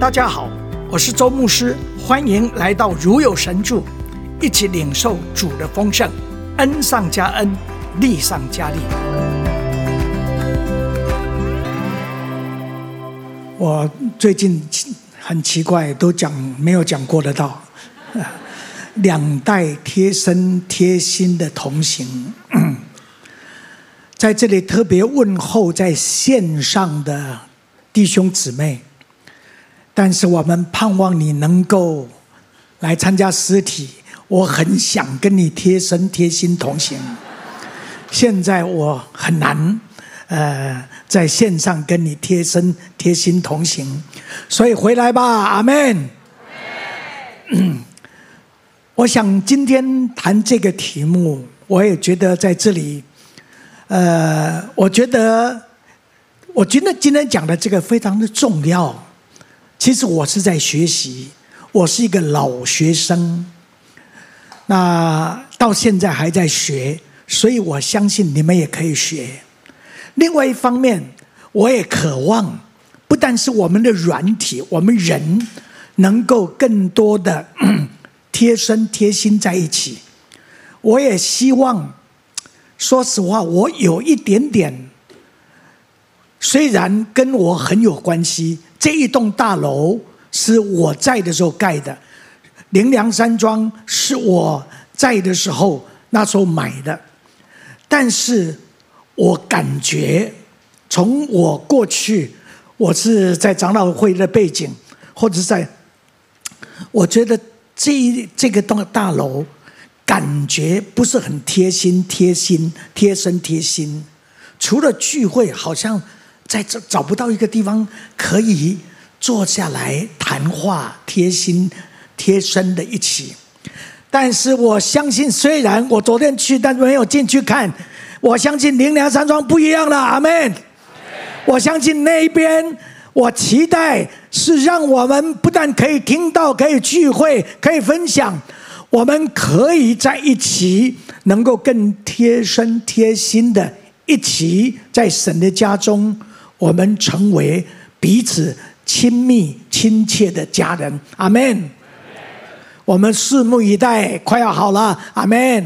大家好，我是周牧師，歡迎來到如有神助，一起領受主的豐盛，恩上加恩，力上加力。我最近很奇怪，都講沒有講過的道，兩代貼身貼心的同行，在這裡特別問候在線上的弟兄姊妹。但是我們盼望你能夠來參加實體，我很想跟你貼身貼心同行。現在我很難，呃，在線上跟你貼身貼心同行，所以回來吧，阿門。Amen 我想今天談這個題目，我也覺得在這裡，呃，我覺得，我覺得今天講的這個非常的重要。其實我是在學習，我是一個老學生，那到現在還在學，所以我相信你們也可以學。另外一方面，我也渴望，不但是我們的軟體，我們人能夠更多的貼身貼心在一起。我也希望，說實話，我有一點點，雖然跟我很有關係。這一棟大樓是我在的時候蓋的，靈糧山莊是我在的時候那時候買的，但是，我感覺從我過去，我是在長老會的背景，或者在，我覺得這一這個棟大樓感覺不是很貼心，貼心，貼身，貼心，除了聚會，好像。在這找不到一個地方可以坐下來談話、貼心、貼身的一起。但是我相信，雖然我昨天去，但沒有進去看。我相信靈糧山莊不一樣了，阿門。我相信那一邊，我期待是讓我們不但可以聽到、可以聚會、可以分享，我們可以在一起，能夠更貼身、貼心的一起在神的家中。我們成為彼此親密親切的家人，阿門。Amen 我們拭目以待，快要好了，阿門。Amen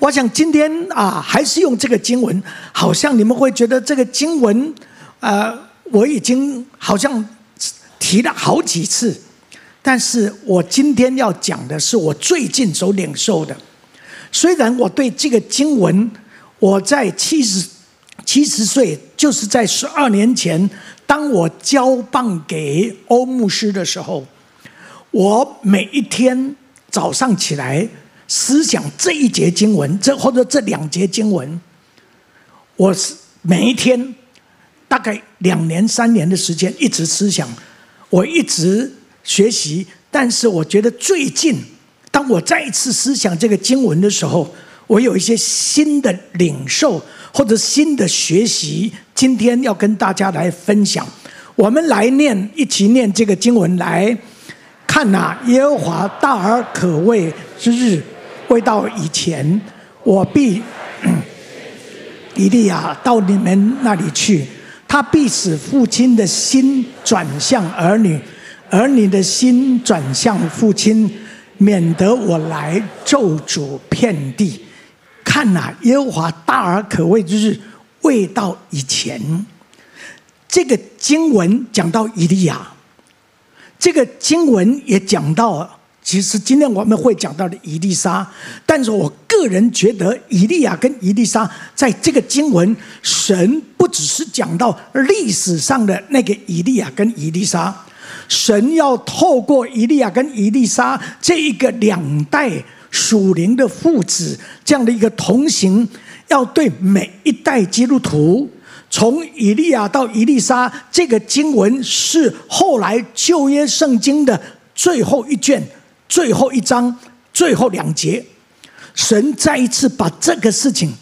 我想今天啊，還是用這個經文，好像你們會覺得這個經文，呃，我已經好像提了好幾次，但是我今天要講的是我最近所領受的。雖然我對這個經文，我在七十，七十歲，就是在十二年前，當我交棒給歐牧師的時候，我每一天早上起來思想這一節經文，這或者這兩節經文，我是每一天大概兩年三年的時間一直思想，我一直學習，但是我覺得最近，當我再一次思想這個經文的時候，我有一些新的領受。或者新的學習，今天要跟大家來分享。我們來念，一起念這個經文來看啊。耶和華大而可畏之日未到以前，我必、嗯、以利亞到你們那裡去。他必使父親的心轉向兒女，兒女的心轉向父親，免得我來咒詛遍地。看啊，耶和華大而可畏，就是未到以前。這個經文講到以利亞，這個經文也講到，其實今天我們會講到的以利沙。但是我個人覺得，以利亞跟以利沙在這個經文，神不只是講到歷史上的那個以利亞跟以利沙，神要透過以利亞跟以利沙這一個兩代。屬靈的父子這樣的一個同行，要對每一代基督徒，從以利亞到以利沙。這個經文是後來舊約聖經的最後一卷、最後一章、最後兩節。神再一次把這個事情，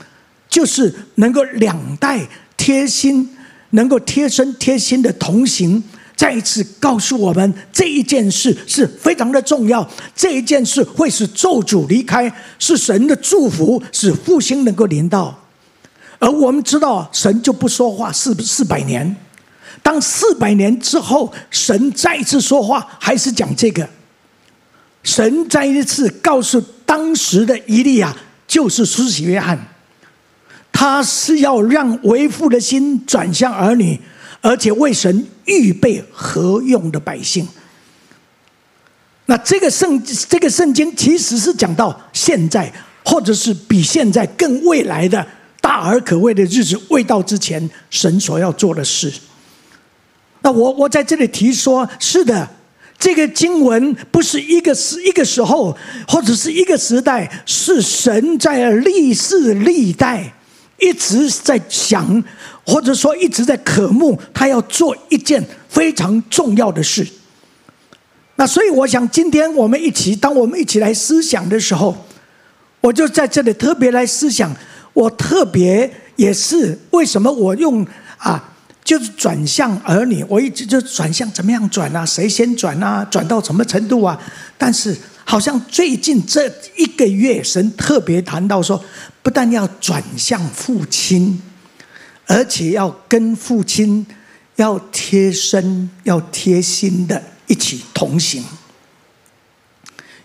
就是能夠兩代貼心，能夠貼身貼心的同行。再一次告訴我們，這一件事是非常的重要，這一件事會使咒詛離開，是神的祝福，使復興能夠臨到。而我們知道，神就不說話是不是四百年？當四百年之後，神再一次說話，還是講這個。神再一次告訴當時的以利亞，就是施洗約翰，他是要讓為父的心轉向兒女，而且為神預備合用的百姓。那這個聖這個聖經其實是講到現在，或者是比現在更未來的大而可畏的日子未到之前，神所要做的事。那我我在這裡提說，是的，這個經文不是一個時一個時候，或者是一個時代，是神在歷世歷代。一直在想，或者說一直在渴慕，他要做一件非常重要的事。那所以，我想今天我們一起，當我們一起來思想的時候，我就在這裡特別來思想。我特別也是為什麼我用啊，就是轉向兒女，我一直就轉向怎麼樣轉啊，誰先轉啊，轉到什麼程度啊？但是。好像最近這一個月，神特別談到說，不但要轉向父親，而且要跟父親要貼身、要貼心的一起同行。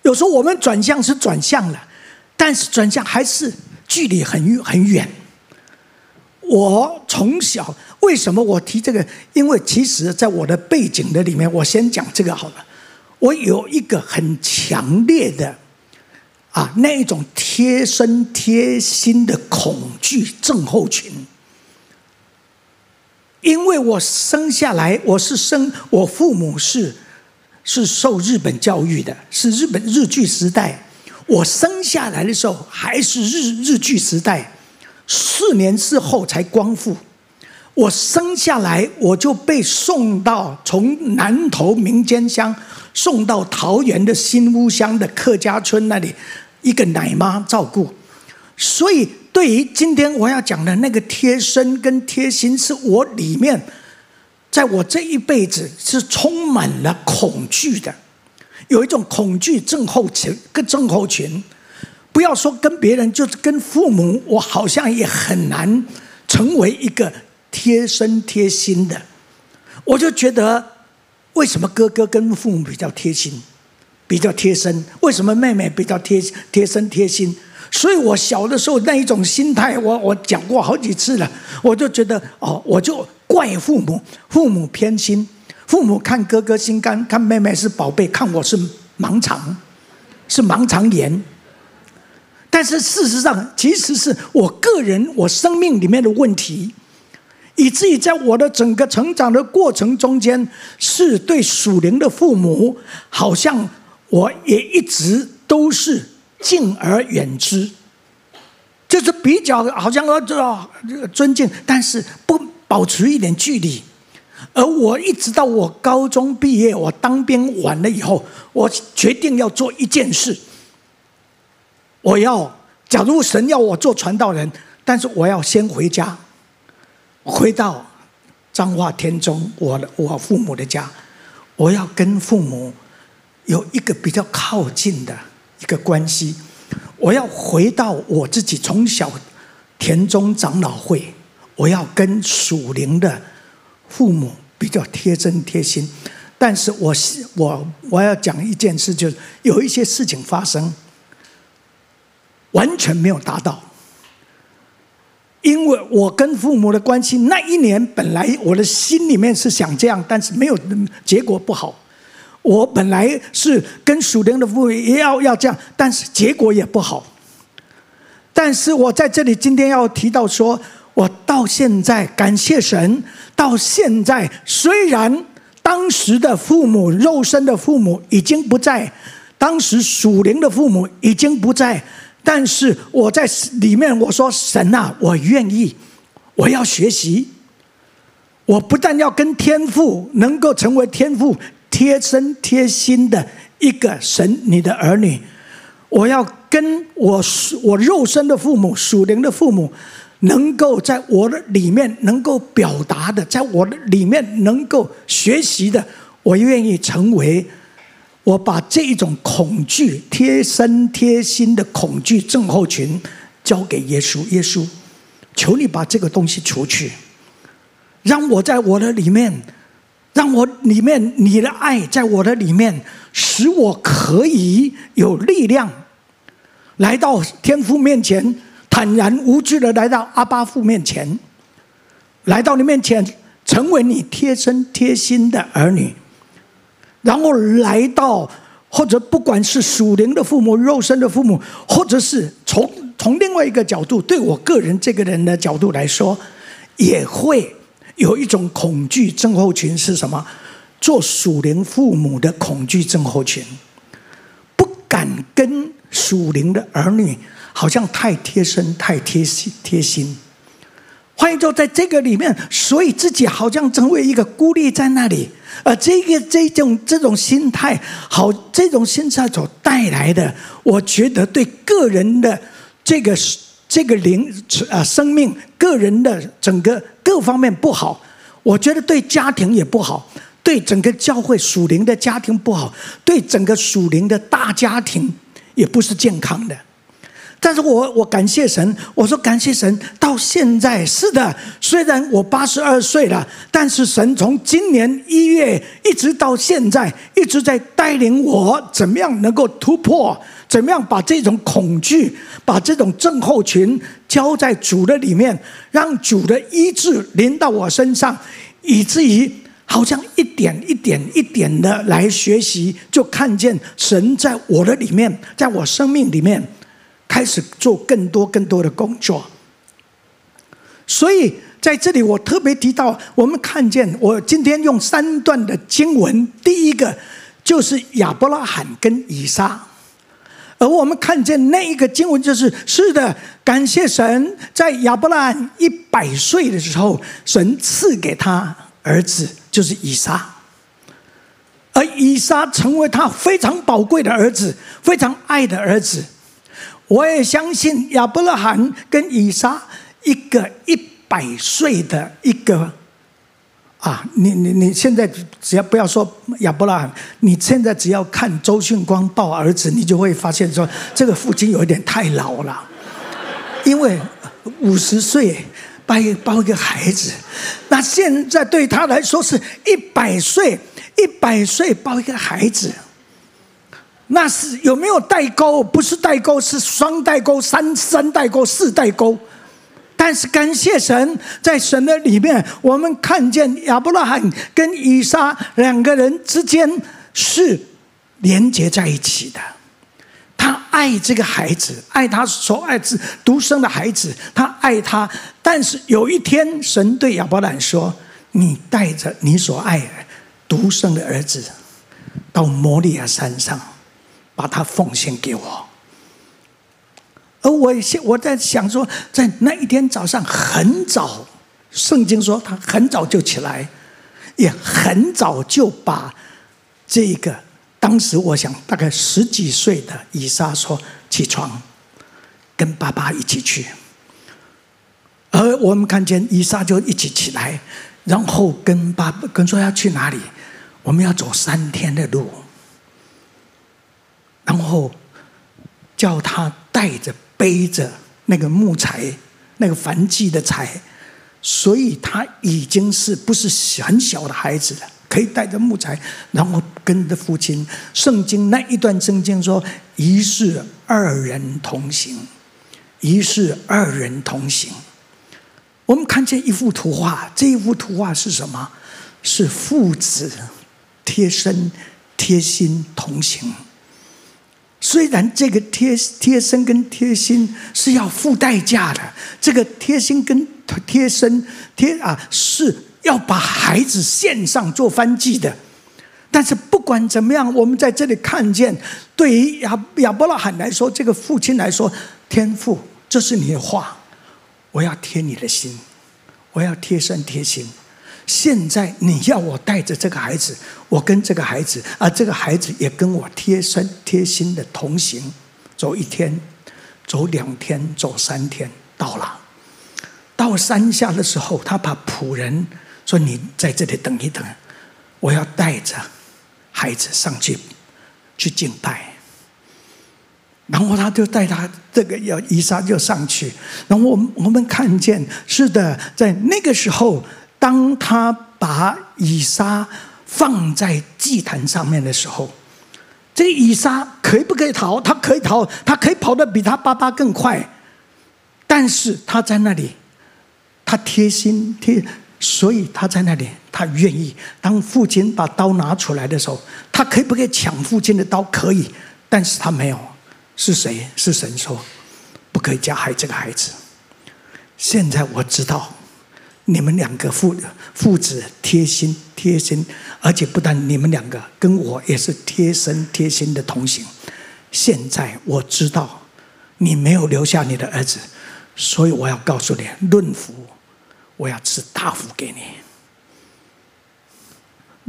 有時候我們轉向是轉向了，但是轉向還是距離很遠、很遠。我從小為什麼我提這個？因為其實在我的背景的裡面，我先講這個好了。我有一個很強烈的啊，那種貼身貼心的恐懼症候群，因為我生下來我是生，我父母是是受日本教育的，是日本日據時代。我生下來的時候還是日日據時代，四年之後才光復。我生下來我就被送到從南投民間鄉。送到桃園的新屋鄉的客家村那裡，一個奶媽照顧。所以，對於今天我要講的那個貼身跟貼心，是我裡面，在我這一輩子是充滿了恐懼的，有一種恐懼症候群。跟症候群，不要說跟別人，就是跟父母，我好像也很難成為一個貼身貼心的。我就覺得。為什麼哥哥跟父母比較貼心，比較貼身？為什麼妹妹比較貼貼身貼心？所以我小的時候那一種心態我，我我講過好幾次了，我就覺得哦，我就怪父母，父母偏心，父母看哥哥心肝，看妹妹是寶貝，看我是盲腸，是盲腸炎。但是事實上，其實是我個人我生命裡面的問題。以至於在我的整個成長的過程中間，是對屬靈的父母，好像我也一直都是敬而遠之，就是比較好像要個、哦、尊敬，但是不保持一點距離。而我一直到我高中畢業，我當兵完了以後，我決定要做一件事，我要，假如神要我做傳道人，但是我要先回家。回到彰化田中，我我父母的家，我要跟父母有一個比較靠近的一個關係。我要回到我自己從小田中長老會，我要跟屬靈的父母比較貼身貼心。但是我是我我要講一件事，就是有一些事情發生，完全沒有達到。因為我跟父母的關係，那一年本來我的心裡面是想這樣，但是沒有結果不好。我本來是跟屬靈的父母也要要這樣，但是結果也不好。但是我在這裡今天要提到說，我到現在感謝神，到現在雖然當時的父母肉身的父母已經不在，當時屬靈的父母已經不在。但是我在裡面，我說神啊，我願意，我要學習。我不但要跟天父能夠成為天父貼身貼心的一個神，你的兒女，我要跟我我肉身的父母、屬靈的父母，能夠在我的裡面能夠表達的，在我的裡面能夠學習的，我願意成為。我把這一種恐懼、貼身貼心的恐懼症候群交給耶穌，耶穌，求你把這個東西除去，讓我在我的裡面，讓我裡面你的愛在我的裡面，使我可以有力量，來到天父面前，坦然無懼的來到阿爸父面前，來到你面前，成為你貼身貼心的兒女。然後來到，或者不管是屬靈的父母、肉身的父母，或者是從從另外一個角度，對我個人這個人的角度來說，也會有一種恐懼症候群是什麼？做屬靈父母的恐懼症候群，不敢跟屬靈的兒女，好像太貼身、太貼心、貼心。換言之，在這個裡面，所以自己好像成為一個孤立在那裡，而這個這種這種心態，好，這種心態所帶來的，我覺得對個人的這個這個靈啊、呃、生命，個人的整個各方面不好，我覺得對家庭也不好，對整個教會屬靈的家庭不好，對整個屬靈的大家庭也不是健康的。但是我我感謝神，我說感謝神，到現在是的，雖然我八十二歲了，但是神從今年一月一直到現在，一直在帶領我，怎麼樣能夠突破，怎麼樣把這種恐懼、把這種症候群交在主的裡面，讓主的醫治臨到我身上，以至於好像一點一點一點的來學習，就看見神在我的裡面，在我生命裡面。開始做更多更多的工作，所以在這裡我特別提到，我們看見我今天用三段的經文，第一個就是亞伯拉罕跟以撒，而我們看見那一個經文就是，是的，感謝神，在亞伯拉罕一百歲的時候，神賜給他兒子就是以撒，而以撒成為他非常寶貴的兒子，非常愛的兒子。我也相信亞伯拉罕跟以撒一個一百歲的一個啊！你你你，現在只要不要說亞伯拉罕，你現在只要看周巽光抱兒子，你就會發現說這個父親有一點太老了。因為五十歲抱抱一個孩子，那現在對他來說是一百歲，一百歲抱一個孩子。那是有沒有代溝？不是代溝，是雙代溝、三三代溝、四代溝。但是感謝神，在神的裡面，我們看見亞伯拉罕跟以撒兩個人之間是連接在一起的。他愛這個孩子，愛他所愛之獨生的孩子，他愛他。但是有一天，神對亞伯拉罕說：“你帶着你所愛的獨生的兒子，到摩利亞山上。”把他奉獻給我。而我現我在想說，在那一天早上很早，聖經說他很早就起來，也很早就把這個當時我想大概十幾歲的以撒說起床，跟爸爸一起去。而我們看見以撒就一起起來，然後跟爸爸跟說要去哪裡，我們要走三天的路。然後叫他帶着背着那個木材，那個燔祭的柴，所以他已經是不是很小的孩子了，可以帶着木材，然後跟着父親。聖經那一段聖經說：“於是二人同行，於是二人同行。”我們看見一幅圖畫，這一幅圖畫是什麼？是父子貼身、貼心同行。雖然這個貼貼身跟貼心是要付代價的，這個貼心跟貼身貼啊是要把孩子獻上做燔祭的。但是不管怎麼樣，我們在這裡看見，對於亞亞伯拉罕來說，這個父親來說，天父，這是你的話，我要貼你的心，我要貼身貼心。現在你要我帶着這個孩子。我跟這個孩子，而、啊、這個孩子也跟我貼身貼心的同行，走一天，走兩天，走三天，到了，到山下的時候，他把僕人說：“你在這裡等一等，我要帶着孩子上去去敬拜。”然後他就帶他這個要以撒就上去。然後我們我們看見是的，在那個時候，當他把以撒。放在祭壇上面的時候，這以撒可以不可以逃？他可以逃，他可以跑得比他爸爸更快。但是他在那裡，他貼心貼，所以他在那裡，他願意。當父親把刀拿出來的時候，他可以不可以搶父親的刀？可以，但是他沒有。是誰？是神說不可以加害這個孩子。現在我知道。你們兩個父父子貼心貼心，而且不但你們兩個跟我也是貼身貼心的同行。現在我知道你沒有留下你的兒子，所以我要告訴你：論福，我要賜大福給你；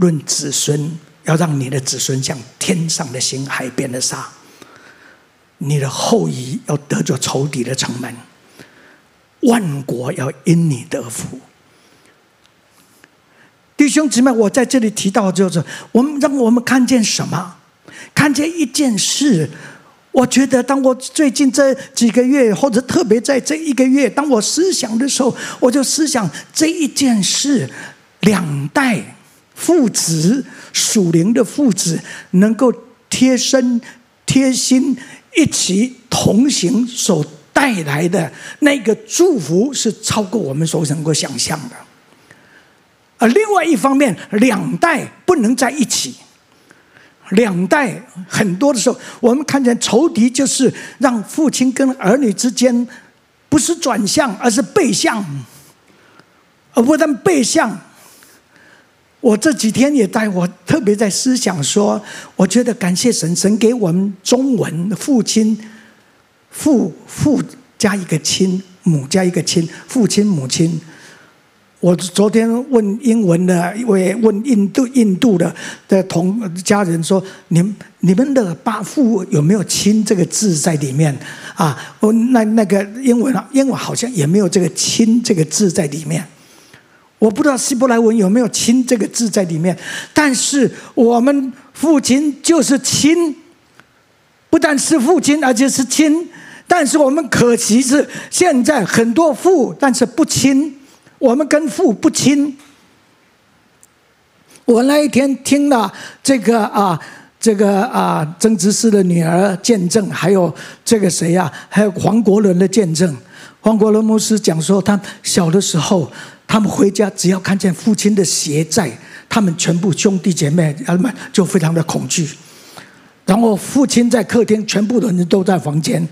論子孫，要讓你的子孫像天上的星，海邊的沙；你的後裔要得着仇敵的城門，萬國要因你得福。弟兄姊妹，我在這裡提到就是，我們讓我們看見什麼？看見一件事。我覺得，當我最近這幾個月，或者特別在這一個月，當我思想的時候，我就思想這一件事：兩代父子屬靈的父子能夠貼身、貼心一起同行，所帶來的那個祝福，是超過我們所能夠想象的。而另外一方面，兩代不能在一起。兩代很多的時候，我們看見仇敵就是讓父親跟兒女之間不是轉向，而是背向。而不但背向，我這幾天也在我特別在思想說，我覺得感謝神，神給我們中文“父親”“父父”加一個“親”，“母”加一個“親”，父親、母親。我昨天問英文的一位問印度印度的的同家人說：“你你，你們的爸父有沒有‘親’這個字在裡面？”啊，我那那個英文啊，英文好像也沒有這個“親”這個字在裡面。我不知道希伯來文有沒有“親”這個字在裡面，但是我們父親就是親，不但是父親，而且是親。但是我們可惜是現在很多父，但是不親。我們跟父不親。我那一天聽了這個啊，這個啊，曾直師的女兒見證，還有這個誰呀、啊，還有黃國倫的見證。黃國倫牧師講說，他小的時候，他們回家只要看見父親的鞋在，他們全部兄弟姐妹啊們就非常的恐懼。然後父親在客廳，全部的人都在房間，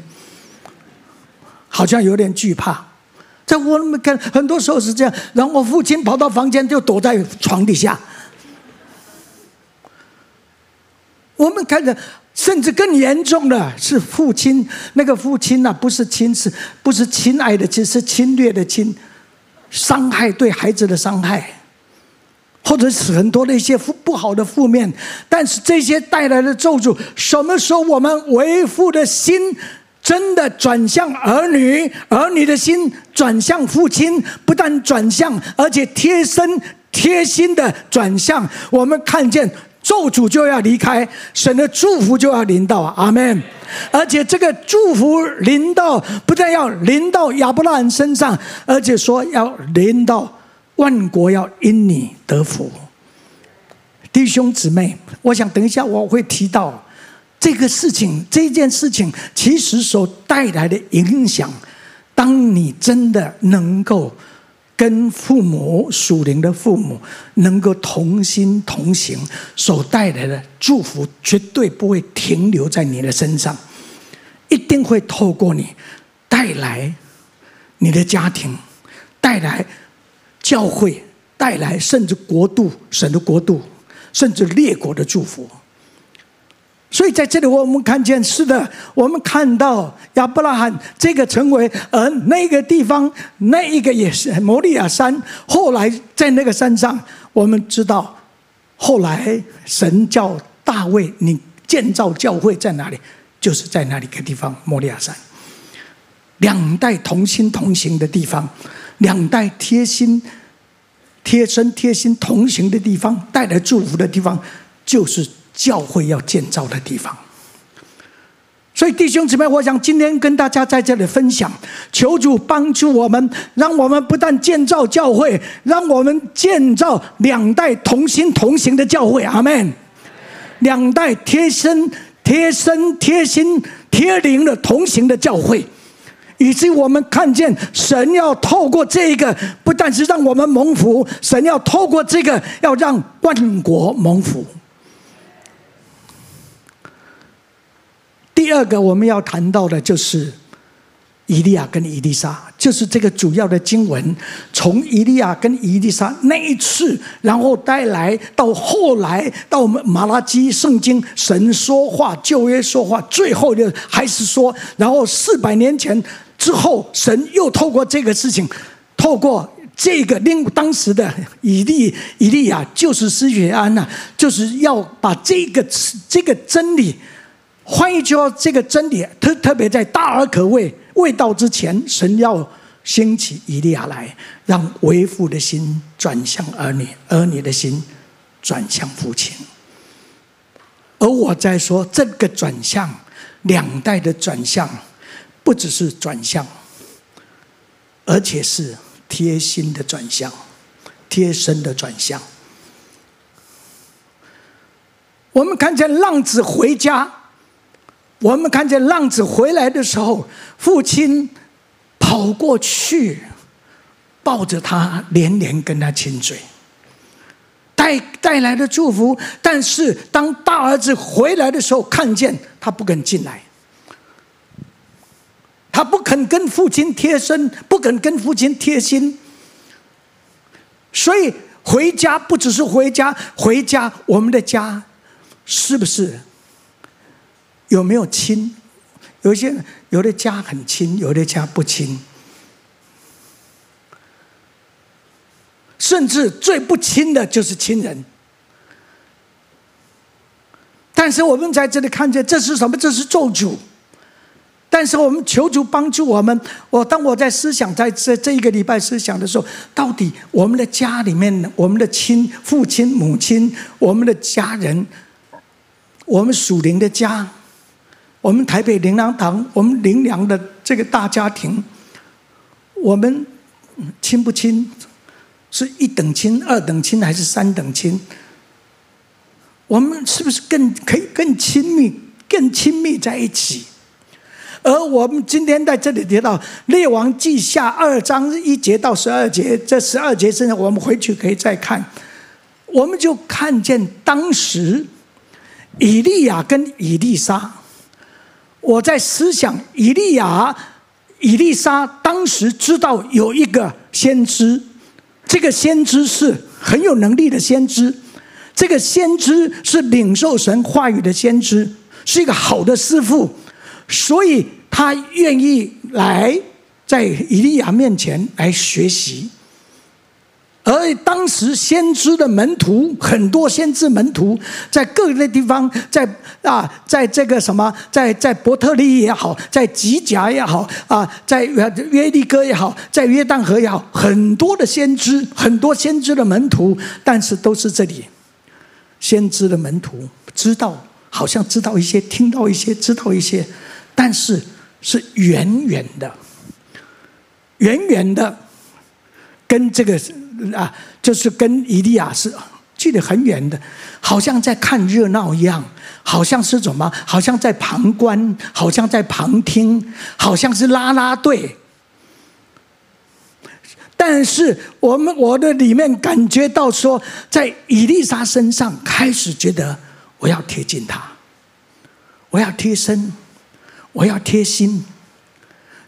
好像有點懼怕。在我們看，很多時候是這樣。然後我父親跑到房間，就躲在床底下。我們看着，甚至更嚴重的是父親，那個父親呢、啊，不是親慈，是不是親愛的親，只是侵略的侵，傷害，對孩子的傷害，或者是很多的一些不好的負面。但是這些帶來的咒詛，什麼時候我們為父的心真的轉向兒女，兒女的心轉向父親，不但轉向，而且貼身、貼心的轉向。我們看見，咒詛就要離開，神的祝福就要臨到。阿門。而且這個祝福臨到，不但要臨到亞伯拉罕身上，而且說要臨到萬國，要因你得福。弟兄姊妹，我想等一下我會提到。這個事情，這件事情其實所帶來的影響，當你真的能夠跟父母屬靈的父母能夠同心同行，所帶來的祝福絕對不會停留在你的身上，一定會透過你帶來你的家庭，帶來教會，帶來甚至國度，神的國度，甚至列國的祝福。所以在這裡，我們看見是的，我們看到亞伯拉罕這個成為，而那個地方，那一個也是摩利亞山。後來在那個山上，我們知道，後來神叫大衛，你建造教會在哪裡，就是在哪裡一個地方，摩利亞山。兩代同心同行的地方，兩代貼心、貼身貼心同行的地方，帶來祝福的地方，就是。教會要建造的地方，所以弟兄姊妹，我想今天跟大家在這裡分享，求主幫助我們，讓我們不但建造教會，讓我們建造兩代同心同行的教會。阿門。兩代貼身、貼身、貼心、貼靈的同行的教會，以及我們看見神要透過這個，不但是讓我們蒙福，神要透過這個，要讓萬國蒙福。第二個我們要談到的就是以利亞跟以利沙，就是這個主要的經文。從以利亞跟以利沙那一次，然後帶來到後來到我們馬拉基聖經，神說話、舊約說話，最後的還是說，然後四百年前之後，神又透過這個事情，透過這個令當時的以利以利亞，就是施洗安吶，就是要把這個這個真理，換一句話，這個真理，特特別在大而可畏未到之前，神要興起以利亞來，讓為父的心轉向兒女，兒女的心轉向父親。而我在說這個轉向，兩代的轉向，不只是轉向，而且是貼心的轉向，貼身的轉向。我們看見浪子回家。我們看見浪子回來的時候，父親跑過去，抱着他，連連跟他親嘴，帶帶來的祝福。但是當大兒子回來的時候，看見他不肯進來，他不肯跟父親貼身，不肯跟父親貼心，所以回家不只是回家，回家我們的家，是不是？有沒有親？有一些有的家很親，有的家不親，甚至最不親的就是親人。但是我們在這裡看見，這是什麼？這是咒詛。但是我們求主幫助我們。我當我在思想在這這一個禮拜思想的時候，到底我們的家裡面，我們的親，父親母親，我們的家人，我們屬靈的家。我們台北靈糧堂，我們靈糧的這個大家庭，我們親不親，是一等親、二等親還是三等親？我們是不是更可以更親密、更親密在一起？而我們今天在這裡提到《列王紀下》二章一節到十二節，這十二節，甚至我們回去可以再看，我們就看見當時以利亞跟以利沙。我在思想以利亞、以利沙，當時知道有一個先知，這個先知是很有能力的先知，這個先知是領受神話語的先知，是一個好的師傅，所以他願意來在以利亞面前來學習。而當時先知的門徒很多，先知門徒在各個地方，在啊，在這個什麼，在在伯特利也好，在吉甲也好，啊，在約約利哥也好，在約旦河也好，很多的先知，很多先知的門徒，但是都是這裡，先知的門徒知道，好像知道一些，聽到一些，知道一些，但是是遠遠的，遠遠的，跟這個。啊，就是跟以利亞是距離很遠的，好像在看熱鬧一樣，好像是怎麼？好像在旁觀，好像在旁聽，好像是拉拉隊。但是我們我的裡面感覺到說，在以利沙身上開始覺得我要貼近他，我要貼身，我要貼心。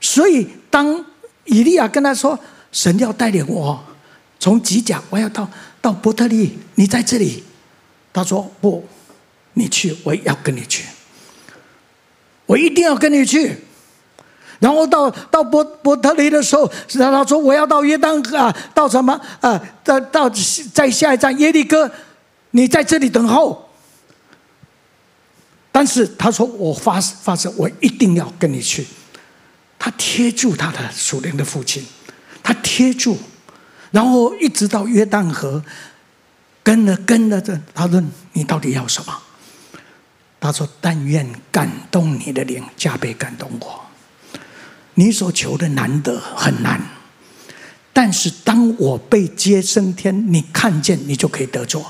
所以當以利亞跟他說：“神要帶領我。”從吉甲，我要到到伯特利，你在這裡。他說，不，你去，我要跟你去，我一定要跟你去。然後到到伯伯特利的時候，是，他說，我要到約旦啊，到什麼啊？到到，到在下一站耶利哥，你在這裡等候。但是他說，我發發誓，我一定要跟你去。他貼住他的屬靈的父親，他貼住。然後一直到約旦河，跟了跟了，這他問：「你到底要什麼？”他說：“但願感動你的靈，加倍感動我。你所求的難得很難，但是當我被接升天，你看見，你就可以得着。”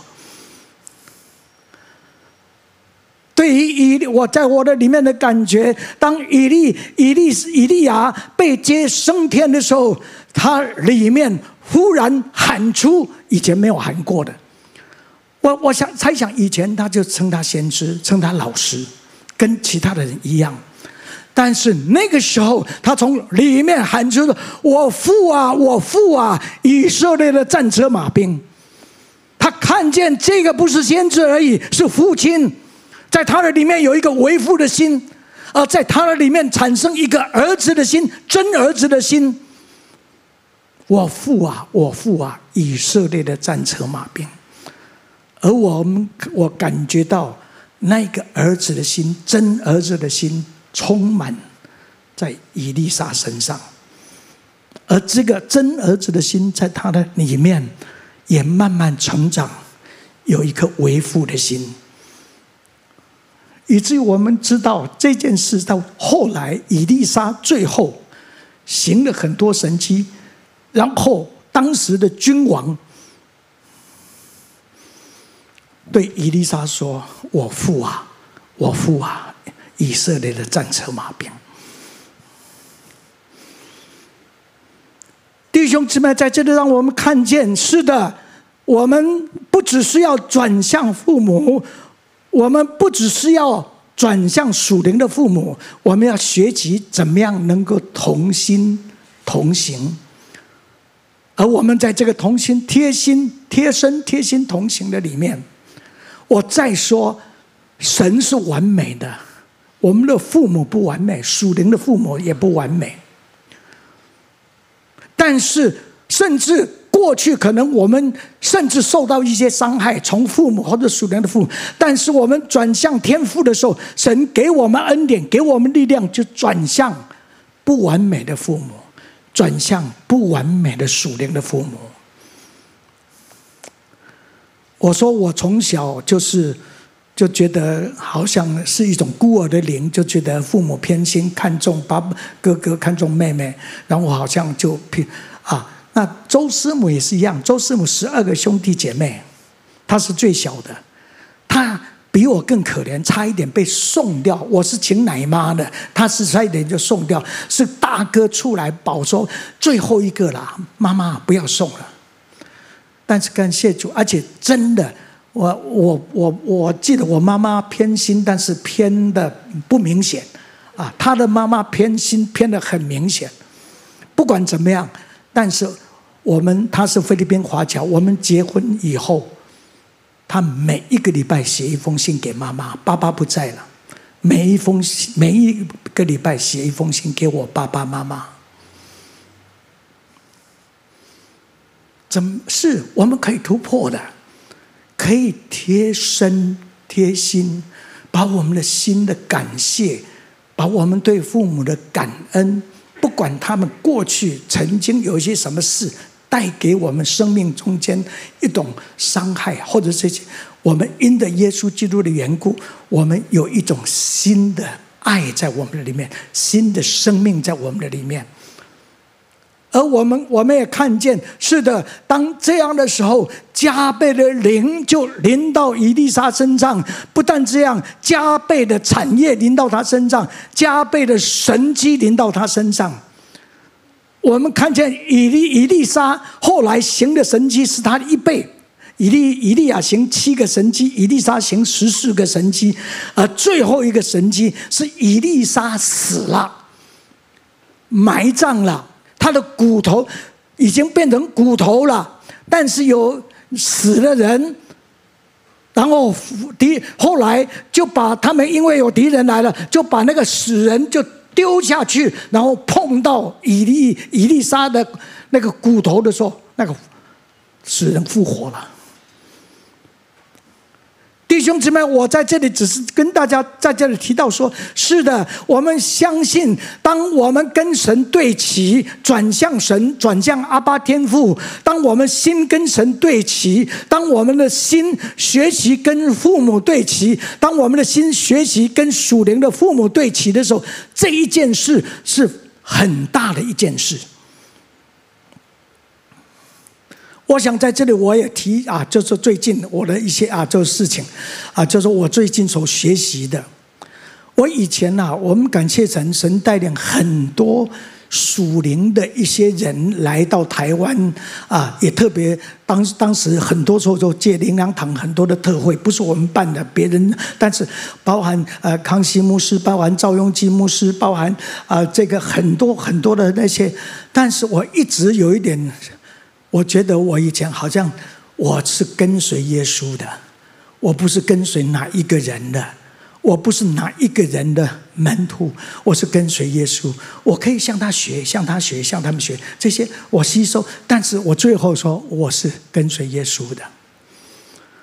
對於以我在我的裡面的感覺，當以利以利是以利亞被接升天的時候，他裡面。忽然喊出以前沒有喊過的，我我想猜想，以前他就稱他先知，稱他老師，跟其他的人一樣。但是那個時候，他從裡面喊出了「我父啊，我父啊，以色列的戰車馬兵。他看見這個不是先知而已，是父親，在他的裡面有一個為父的心，而在他的裡面產生一個兒子的心，真兒子的心。我父啊，我父啊！以色列的戰車馬兵，而我們我感覺到那個兒子的心，真兒子的心，充滿在以利沙身上，而這個真兒子的心在他的裡面也慢慢成長，有一顆為父的心，以至於我們知道這件事到後來，以利沙最後行了很多神蹟。然後，當時的君王對以利沙說：“我父啊，我父啊，以色列的戰車馬兵，弟兄姊妹，在這裡讓我們看見，是的，我們不只是要轉向父母，我們不只是要轉向屬靈的父母，我們要學習怎麼樣能夠同心同行。”而我們在這個同心、貼心、貼身、貼心、同行的裡面，我再說，神是完美的，我們的父母不完美，屬靈的父母也不完美。但是，甚至過去可能我們甚至受到一些傷害，從父母或者屬靈的父母。但是，我們轉向天父的時候，神給我們恩典，給我們力量，就轉向不完美的父母。轉向不完美的屬靈的父母。我說我從小就是就覺得好像是一種孤兒的靈，就覺得父母偏心，看中爸爸，哥哥看中妹妹，然後我好像就偏啊。那周師母也是一樣，周師母十二個兄弟姐妹，她是最小的，她。比我更可憐，差一點被送掉。我是請奶媽的，她是差一點就送掉。是大哥出來保收，最後一個了，媽媽不要送了。但是感謝主，而且真的，我我我我記得我媽媽偏心，但是偏的不明顯啊。她的媽媽偏心偏的很明顯。不管怎麼樣，但是我們她是菲律賓華僑，我們結婚以後。他每一個禮拜寫一封信給媽媽，爸爸不在了。每一封信，每一個禮拜寫一封信給我爸爸媽媽。怎麼是我們可以突破的？可以貼身貼心，把我們的心的感謝，把我們對父母的感恩，不管他們過去曾經有些什麼事。帶給我們生命中間一種傷害，或者是我們因著耶穌基督的緣故，我們有一種新的愛在我們的裡面，新的生命在我們的裡面。而我們我們也看見，是的，當這樣的時候，加倍的靈就臨到以利沙身上；不但這樣，加倍的產業臨到他身上，加倍的神蹟臨到他身上。我們看見以利以利沙後來行的神蹟是他的一倍，以利以利亞行七個神蹟，以利沙行十四個神蹟，而、呃、最後一個神蹟是以利沙死了，埋葬了他的骨頭已經變成骨頭了，但是有死的人，然後敵後來就把他們，因為有敵人來了，就把那個死人就。丟下去，然後碰到以利以利沙的、那個骨頭的時候，那個死人復活了。弟兄姊妹，我在這裡只是跟大家在這裡提到說：是的，我們相信，當我們跟神對齊，轉向神，轉向阿爸天父；當我們心跟神對齊，當我們的心學習跟父母對齊，當我們的心學習跟屬靈的父母對齊的時候，這一件事是很大的一件事。我想在這裡我也提啊，就是最近我的一些啊，這個事情，啊，就是我最近所學習的。我以前啊，我們感謝神，神帶領很多屬靈的一些人來到台灣啊，也特別當當時很多時候都借靈糧堂很多的特會，不是我們辦的，別人，但是包含呃，康希牧師，包含趙鏞基牧師，包含啊、呃，這個很多很多的那些，但是我一直有一點。我覺得我以前好像我是跟隨耶穌的，我不是跟隨哪一個人的，我不是哪一個人的門徒，我是跟隨耶穌。我可以向他學，向他學，向他們學這些，我吸收。但是我最後說，我是跟隨耶穌的，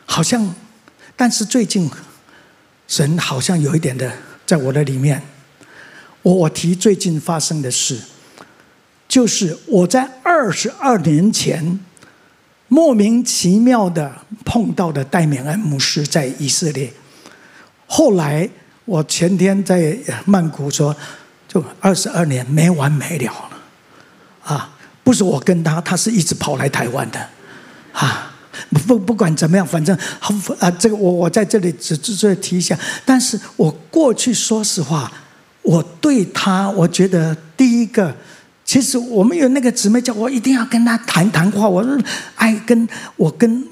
好像。但是最近，神好像有一點的在我的裡面。我我提最近發生的事。就是我在二十二年前莫名其妙的碰到的戴冕恩牧師在以色列。後來我前天在曼谷說，就二十二年沒完沒了了，啊，不是我跟他，他是一直跑來台灣的，啊，不不管怎麼樣，反正啊，這個我我在這裡只只是提一下。但是我過去說實話，我對他，我覺得第一個。其實我們有那個姊妹叫我一定要跟他談談話，我說哎，跟我跟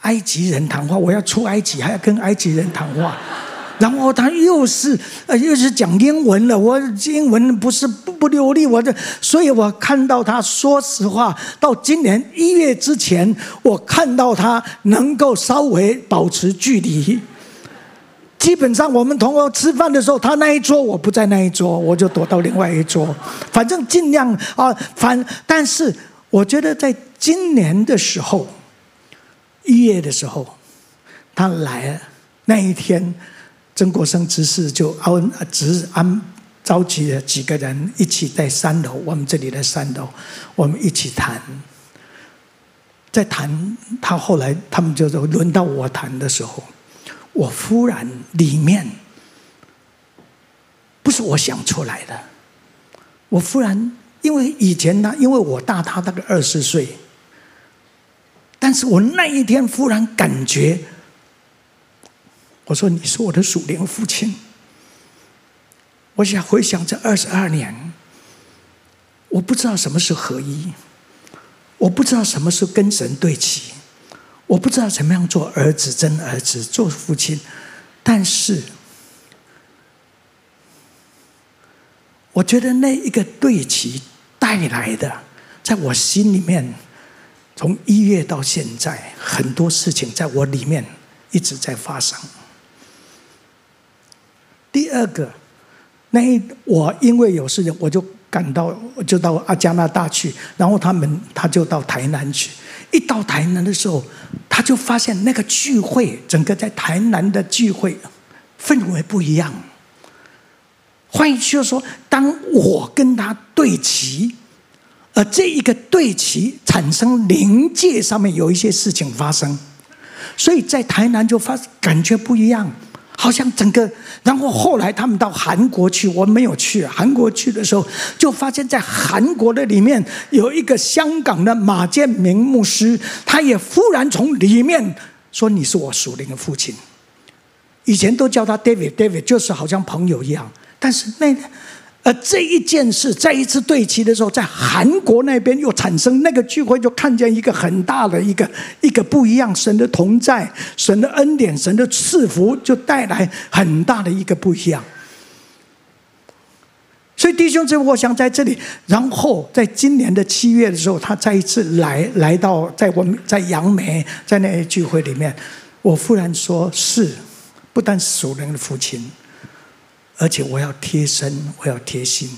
埃及人談話，我要出埃及還要跟埃及人談話，然後他又是呃又是講英文了，我英文不是不流利，我的，所以我看到他說實話，到今年一月之前，我看到他能夠稍微保持距離。基本上，我們同學吃飯的時候，他那一桌我不在那一桌，我就躲到另外一桌。反正盡量啊、呃，反。但是我覺得，在今年的時候，一月的時候，他來了，那一天，曾國藩執事就安執事安召集了幾個人一起在三樓，我們這裡的三樓，我們一起談，在談。他後來他們就輪到我談的時候。我忽然裡面不是我想出來的。我忽然，因為以前呢，因為我大他大概二十歲，但是我那一天忽然感覺，我說，你是我的屬靈父親。我想回想這二十二年，我不知道什麼是合一，我不知道什麼是跟神對齊。我不知道怎麼樣做兒子，真兒子做父親，但是我覺得那一個對齊帶來的，在我心裡面，從一月到現在，很多事情在我裡面一直在發生。第二個，那一我因為有事情，我就趕到，我就到阿加拿大去，然後他們他就到台南去。一到台南的時候，他就發現那個聚會，整個在台南的聚會氛圍不一樣。換句說，當我跟他對齊，而這一個對齊產生靈界上面有一些事情發生，所以在台南就發現感覺不一樣。好像整個，然後後來他們到韓國去，我沒有去。韓國去的時候，就發現在韓國的裡面有一個香港的馬建明牧師，他也忽然從裡面說：“你是我屬靈的父親。”以前都叫他 David，David，David，就是好像朋友一樣，但是那。而這一件事，再一次對齊的時候，在韓國那邊又產生那個聚會，就看見一個很大的一個一個不一樣，神的同在，神的恩典，神的賜福，就帶來很大的一個不一樣。所以弟兄弟，這我想在這裡，然後在今年的七月的時候，他再一次來來到，在我們，在楊梅，在那些聚會裡面，我忽然說是，不但是屬人的父親。而且我要貼身，我要貼心，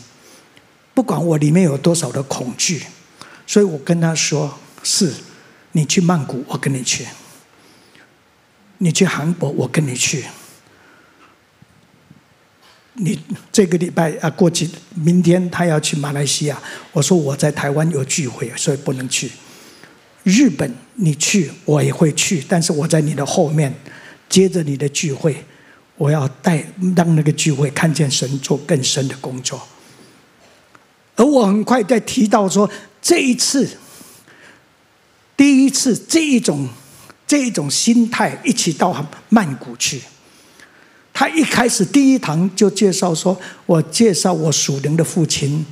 不管我裡面有多少的恐懼，所以我跟他說：“是，你去曼谷，我跟你去；你去韓國，我跟你去。你這個禮拜啊，過幾明天他要去馬來西亞，我說我在台灣有聚會，所以不能去。日本你去，我也會去，但是我在你的後面，接着你的聚會。”我要帶讓那個聚會看見神做更深的工作，而我很快在提到說這一次，第一次這一種這一種心態一起到曼谷去，他一開始第一堂就介紹說我介紹我屬靈的父親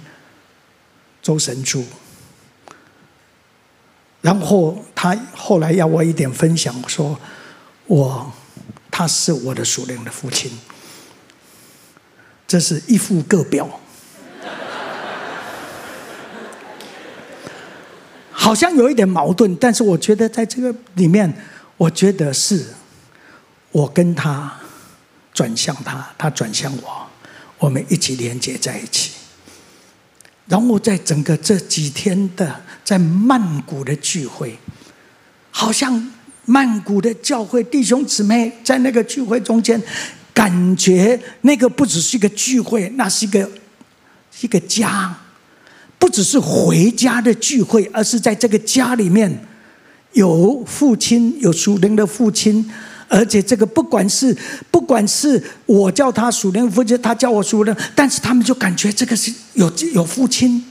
周神助，然後他後來要我一點分享說，我。他是我的屬靈的父親，這是一副各表，好像有一點矛盾，但是我覺得在這個裡面，我覺得是，我跟他轉向他，他轉向我，我們一起連接在一起。然後在整個這幾天的在曼谷的聚會，好像。曼谷的教會弟兄姊妹在那個聚會中間，感覺那個不只是一個聚會，那是一個一個家，不只是回家的聚會，而是在這個家裡面有父親，有屬靈的父親，而且這個不管是，不管是我叫他屬靈父親，他叫我屬靈，但是他們就感覺這個是有有父親。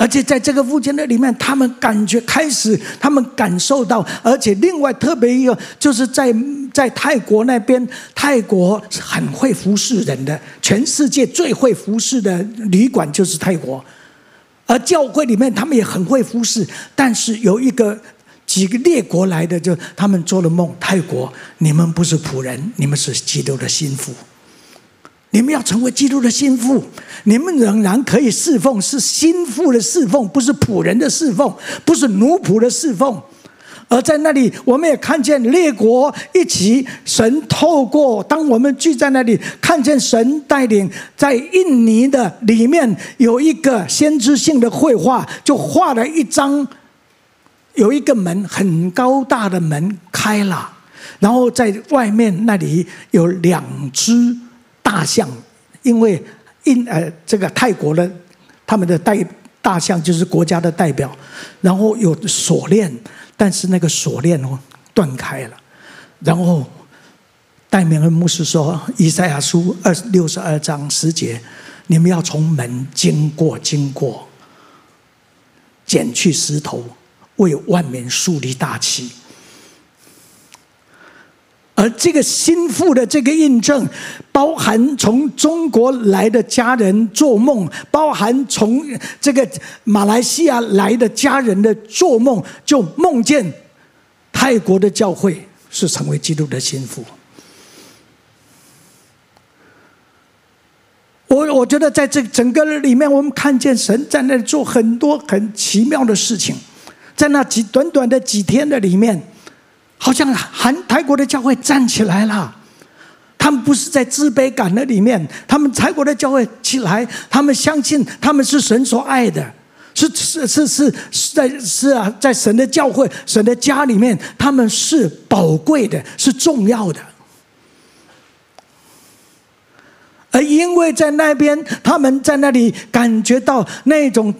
而且在這個附近那裡面，他們感覺開始，他們感受到，而且另外特別一個，就是在在泰國那邊，泰國是很會服侍人的，全世界最會服侍的旅館就是泰國。而教會裡面他們也很會服侍，但是有一個幾個列國來的，就他們做了夢，泰國，你們不是僕人，你們是基督的新婦。你們要成為基督的心腹，你們仍然可以侍奉，是心腹的侍奉，不是僕人的侍奉，不是奴僕的侍奉。而在那裡，我們也看見列國一起，神透過當我們聚在那裡，看見神帶領。在印尼的裡面有一個先知性的繪畫，就畫了一張，有一個門很高大的門開了，然後在外面那裡有兩隻。大象，因為因呃，這個泰國的他們的代大象就是國家的代表，然後有鎖鏈，但是那個鎖鏈斷開了。然後戴冕恩牧師說：《以賽亞書》二二十六十二章十節，你們要從門經過，經過，撿去石頭，為萬民樹立大旗。而這個心腹的這個印證，包含從中國來的家人做夢，包含從這個馬來西亞來的家人的做夢，就夢見泰國的教會是成為基督的心腹。我我覺得，在這個整個裡面，我們看見神在那裡做很多很奇妙的事情，在那幾短短的幾天的裡面。好像韓泰國的教會站起來了，他們不是在自卑感的裡面，他們泰國的教會起來，他們相信他們是神所愛的，是是是是是在是啊，在神的教會、神的家裡面，他們是寶貴的，是重要的。而因為在那邊，他們在那裡感覺到那種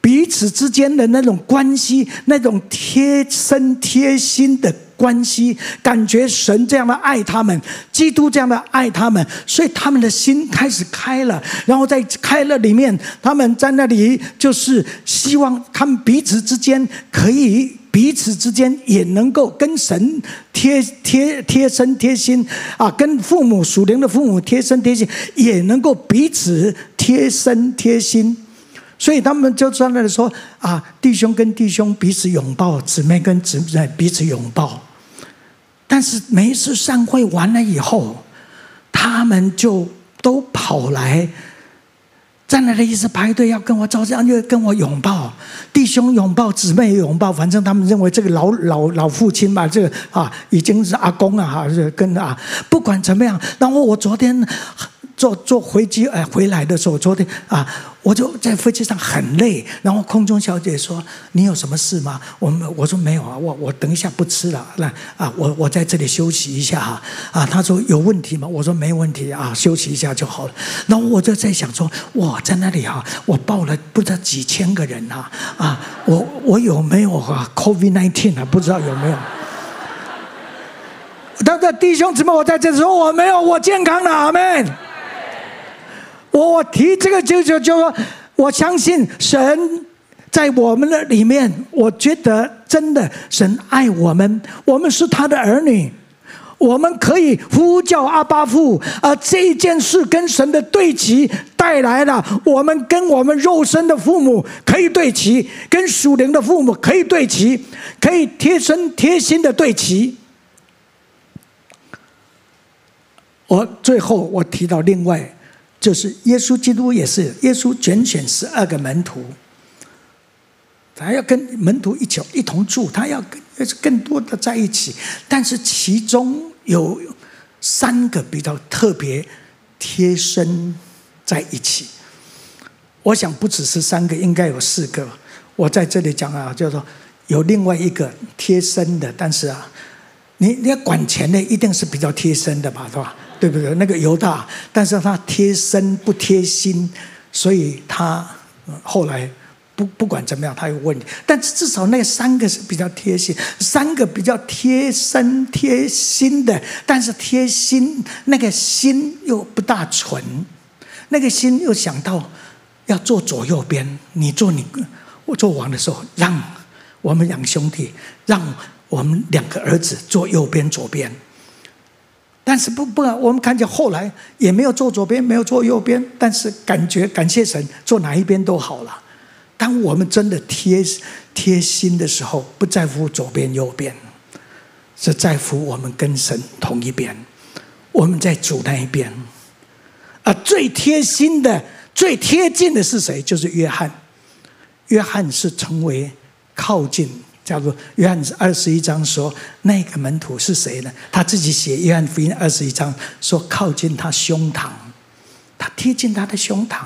彼此之間的那種關係，那種貼身貼心的。關係，感覺神這樣的愛他們，基督這樣的愛他們，所以他們的心開始開了，然後在開了裡面，他們在那裡就是希望他們彼此之間可以彼此之間也能夠跟神貼貼貼身貼心啊，跟父母屬靈的父母貼身貼心，也能夠彼此貼身貼心，所以他們就在那裡說啊，弟兄跟弟兄彼此擁抱，姊妹跟姊妹彼此擁抱。但是每一次散會完了以後，他們就都跑來，站那一直排隊，要跟我照相，要跟我擁抱，弟兄擁抱，姊妹擁抱，反正他們認為這個老老老父親嘛，這個啊已經是阿公啊哈，跟啊，不管怎麼樣，然後我昨天。坐坐飛機呃回來的時候，昨天啊，我就在飛機上很累。然後空中小姐說：“你有什麼事嗎？”我我說沒有啊，我我等一下不吃了，來啊，我我在這裡休息一下哈啊。她、啊、說：“有問題嗎？”我說：“沒問題啊，休息一下就好了。”然後我就在想說：“哇，在那裡哈、啊，我抱了不知道幾千個人吶啊，啊，我我有沒有啊？COVID nineteen 啊，不知道有沒有？”但是弟兄姊妹，我在這說我沒有，我健康了阿門。我提這個就就就說，我相信神在我們的裡面，我覺得真的神愛我們，我們是他的兒女，我們可以呼叫阿爸父，而這件事跟神的對齊帶來了，我們跟我們肉身的父母可以對齊，跟屬靈的父母可以對齊，可以貼身貼心的對齊。我最後我提到另外。就是耶穌基督也是，耶穌揀選十二個門徒，他要跟門徒一起一同住，他要跟更多的在一起。但是其中有三個比較特別貼身在一起，我想不只是三個，應該有四個。我在這裡講啊，就是說有另外一個貼身的，但是啊，你你要管錢的一定是比較貼身的吧，是吧？對不對？那個猶大，但是他貼身不貼心，所以他後來不不管怎麼樣，他有問題。但至少那三個是比較貼心，三個比較貼身貼心的，但是貼心那個心又不大純，那個心又想到要坐左右邊，你坐你，我坐王的時候，讓我們兩兄弟，讓我們兩個兒子坐右邊、左邊。但是不不，我們看見後來也沒有坐左邊，沒有坐右邊，但是感覺感謝神，坐哪一邊都好了。當我們真的貼貼心的時候，不在乎左邊右邊，是在乎我們跟神同一邊，我們在主那一邊。啊，最貼心的、最貼近的是誰？就是約翰。約翰是成為靠近。假如約翰二十一章說那個門徒是誰呢？他自己寫約翰福音二十一章說：“靠近他胸膛，他貼近他的胸膛。”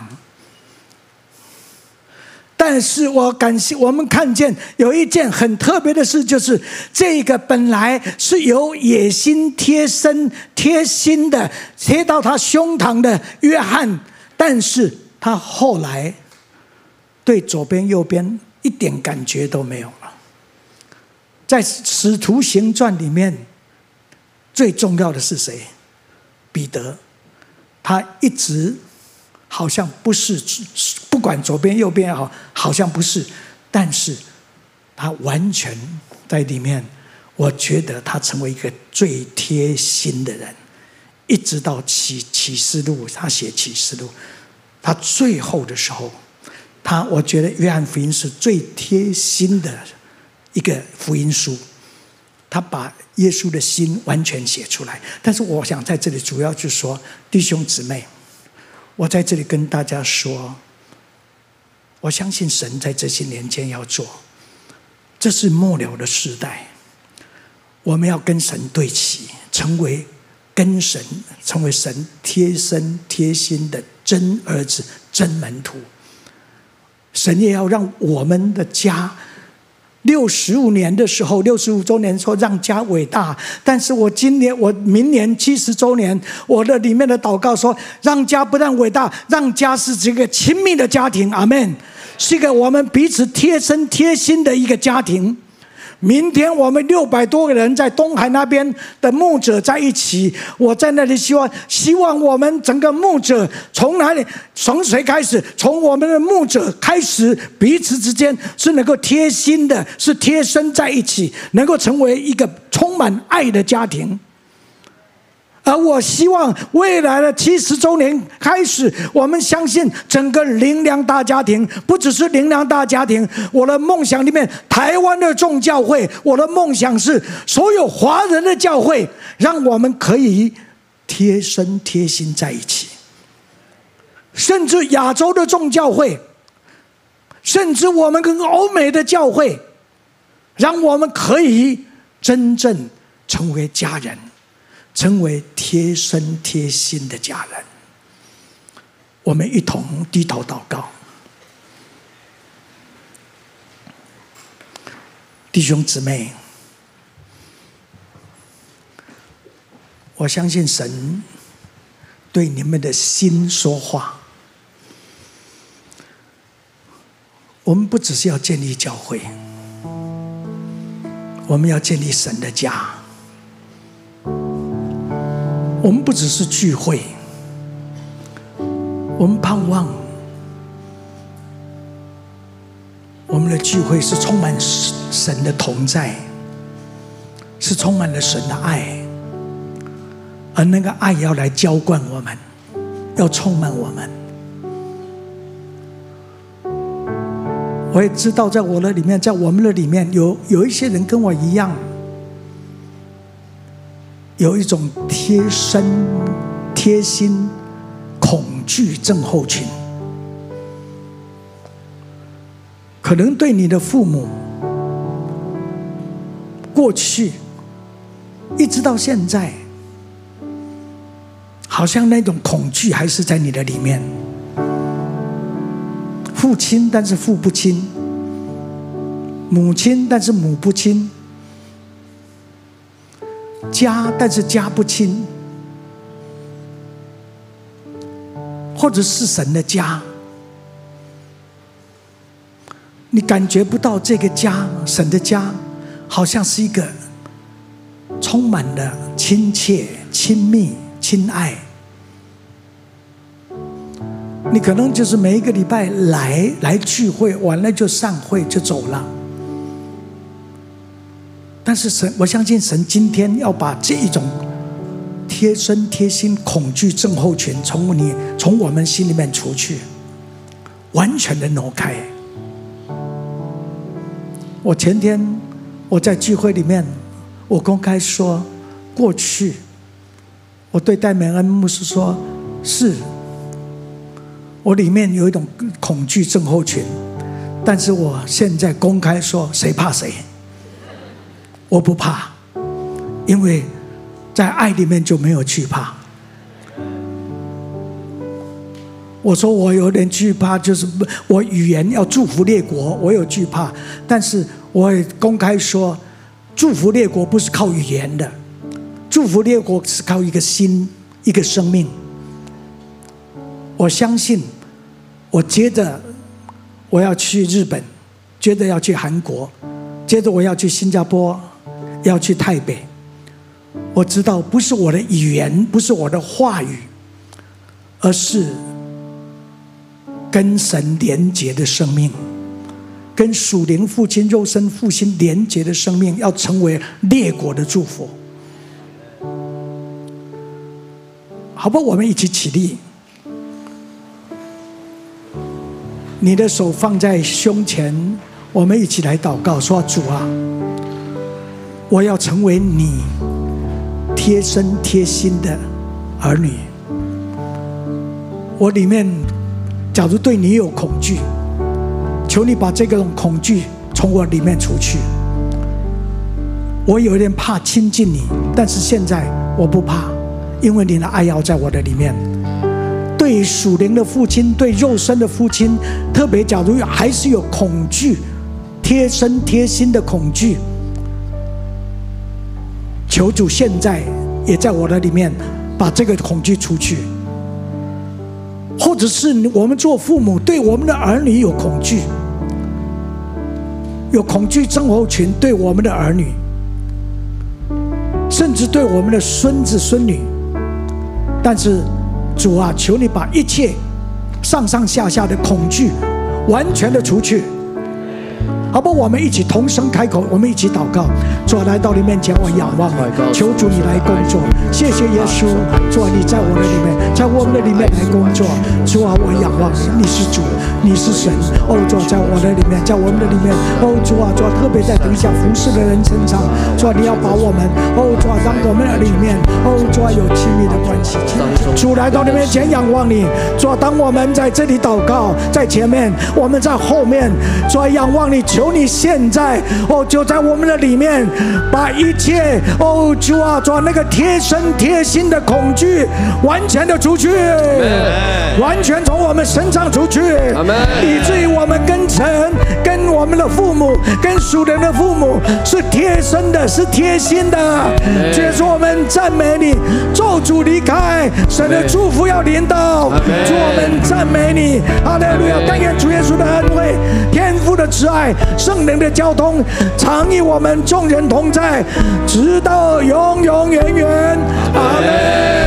但是我感謝，我們看見有一件很特別的事，就是這個本來是由野心、貼身、貼心的貼到他胸膛的約翰，但是他後來對左邊、右邊一點感覺都沒有。在《使徒行傳》裡面，最重要的是誰？彼得，他一直好像不是，不管左邊右邊也好，好像不是，但是他完全在裡面。我覺得他成為一個最貼心的人，一直到《啟啟示錄》，他寫《啟示錄》他示錄，他最後的時候，他我覺得《約翰福音》是最貼心的。一個福音書，他把耶穌的心完全寫出來。但是，我想在這裡主要就說，弟兄姊妹，我在這裡跟大家說，我相信神在這些年間要做，這是末了的時代，我們要跟神對齊，成為跟神成為神貼身貼心的真兒子、真門徒。神也要讓我們的家。六十五年的時候，六十五週年說讓家偉大，但是，我今年我明年七十週年，我的裡面的禱告說，讓家不但偉大，讓家是這個親密的家庭，阿門，是一個我們彼此貼身貼心的一個家庭。明天我們六百多個人在東海那邊的牧者在一起，我在那裡希望，希望我們整個牧者從哪裡，從誰開始，從我們的牧者開始，彼此之間是能夠貼心的，是貼身在一起，能夠成為一個充滿愛的家庭。而我希望未來的七十週年開始，我們相信整個靈糧大家庭，不只是靈糧大家庭。我的夢想裡面，台灣的眾教會，我的夢想是所有華人的教會，讓我們可以貼身貼心在一起，甚至亞洲的眾教會，甚至我們跟歐美的教會，讓我們可以真正成為家人。成為貼身貼心的家人，我們一同低頭禱告。弟兄姊妹，我相信神對你們的心說話。我們不只是要建立教會，我們要建立神的家。我們不只是聚會，我們盼望我們的聚會是充滿神的同在，是充滿了神的愛，而那個愛要來澆灌我們，要充滿我們。我也知道，在我的裡面，在我們的裡面有有一些人跟我一樣。有一種貼身、貼心恐懼症候群，可能對你的父母，過去一直到現在，好像那種恐懼還是在你的裡面。父親，但是父不親；母親，但是母不親。家，但是家不親，或者是神的家，你感覺不到這個家，神的家，好像是一個充滿了親切、親密、親愛。你可能就是每一個禮拜來來聚會，完了就散會就走了。但是神，我相信神今天要把這一種貼身貼心恐懼症候群從你從我們心裡面除去，完全的挪開。我前天我在聚會裡面，我公開說，過去我對戴冕恩牧師說，是我裡面有一種恐懼症候群，但是我現在公開說，誰怕誰？我不怕，因為，在愛裡面就沒有懼怕。我說我有點懼怕，就是我語言要祝福列國，我有懼怕。但是，我也公開說，祝福列國不是靠語言的，祝福列國是靠一個心，一個生命。我相信，我接着我要去日本，接着要去韓國，接着我要去新加坡。要去台北，我知道不是我的語言，不是我的話語，而是跟神連結的生命，跟屬靈父親、肉身父親連結的生命，要成為列國的祝福。好吧，我們一起起立，你的手放在胸前，我們一起來禱告，說主啊。我要成為你貼身貼心的兒女。我裡面假如對你有恐懼，求你把這個恐懼從我裡面除去。我有一點怕親近你，但是現在我不怕，因為你的愛要在我的裡面。對於屬靈的父親，對肉身的父親，特別假如還是有恐懼，貼身貼心的恐懼。求主現在也在我的裡面，把這個恐懼除去。或者是我們做父母對我們的兒女有恐懼，有恐懼症候群對我們的兒女，甚至對我們的孫子孫女。但是，主啊，求你把一切上上下下的恐懼完全的除去。好不，我們一起同聲開口，我們一起禱告。主來到你面前，我仰望你，求主你來工作。謝謝耶穌，主啊，你在我的裡面，在我們的裡面來工作。主啊，我仰望你，你是主，你是神。哦，主啊，在我的裡面，在我們的裡面。哦，主啊，主啊，特別在底下服侍的人身上，主你要把我們。哦，主啊，讓我們的裡面，哦，主啊，有親密的關係。主來到你面前，仰望你。主，當我們在這裡禱告，在前面，我們在後面，主仰望你求。你現在哦，就在我們的裡面，把一切哦抓抓那個貼身貼心的恐懼，完全的除去，完全從我們身上除去。以至於我們跟神、跟我們的父母、跟屬靈的父母是貼身的、是貼心的。所以說：“我們讚美你，咒詛離開，神的祝福要臨到。”祝我們讚美你。哈利路亞，但願主耶穌的恩惠，天父的慈愛聖靈的交通常與我們眾人同在，直到永永遠遠。阿門。